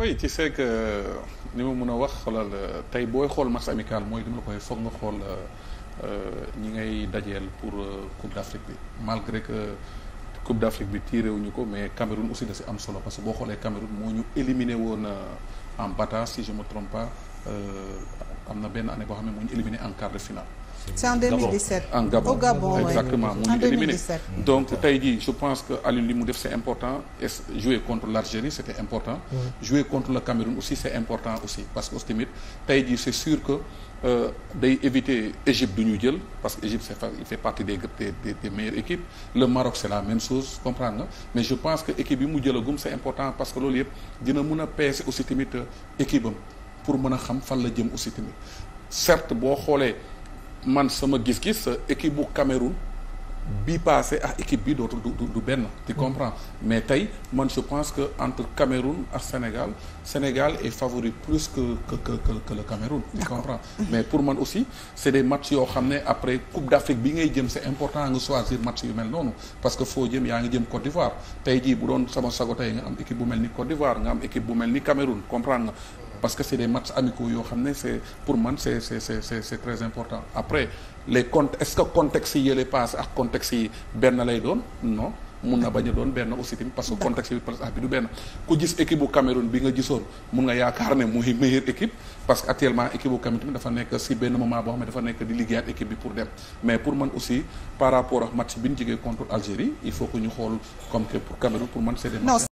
oui ci sais que li ma mun a wax xoolal tey booy xool match amical mooy li ma la koy foog nga xool euh, ñi ngay dajeel pour euh, Coupe d'Afrique bi malgré que Coupe d'Afrique bi tiré wuñu ko mais Cameroun aussi da si am solo parce que boo xoolee Cameroun moo ñu éliminé woon euh, en bataille si je me trompe Euh, am na benn année boo xam ne moo ñu éliminé en quart de finale. c'est en 2017 en Gabon exactement mu ñu éliminé donc tey jii je pense que ali li mu def c'est important et jouer contre l'Algérie c'était important jouer contre le Cameroun aussi c'est important aussi parce que aussi tamit tey jii c'est sûr que euh, day éviter Égypte du ñu jël parce que Égypte fait partie des des des meilleures équipes le Maroc c'est la même chose comprendre nga mais je pense que équipe yi mu jëlagum c'est important parce que loolu yëpp dina mën a peese aussi tamit euh, équipe am pour mën a xam fan la jëm aussi tamit certes boo xoolee man sama gis-gis équipe bu Cameroun bi passé ak équipe bi dootul du du benn tu comprends mais tey man je pense que entre Cameroun ak Sénégal Sénégal est favori plus que que que que le Cameroun tu comprends mais pour man aussi c'est des matchs yoo xam ne après Coupe d'Afrique bi ngay jëm c'est important nga choisir match yu mel noonu parce que foo jëm yaa ngi jëm Côte d'Ivoire tey jii bu doon sama sago tey nga am équipe bu mel ni Côte d'Ivoire nga am équipe bu mel ni Cameroun comprendre nga parce que c'est des matchs amicaux yoo xam ne c'est pour man c'est c'est c'est c'est très important après les comptes est-ce que contexte yi benn lay doon non mun na bañ a doon benn aussi parce que contexte bi du benn ku gis équipe bu bi nga gisoon mun nga yaakaar ne mooy meilleure équipe parce que actuellement équipe bu Cameroun dafa nekk si benn moment boo xam ne dafa nekk di liggéeyaat équipe bi pour dem mais pour man aussi par rapport ak match bi ñu jigee contre Algérie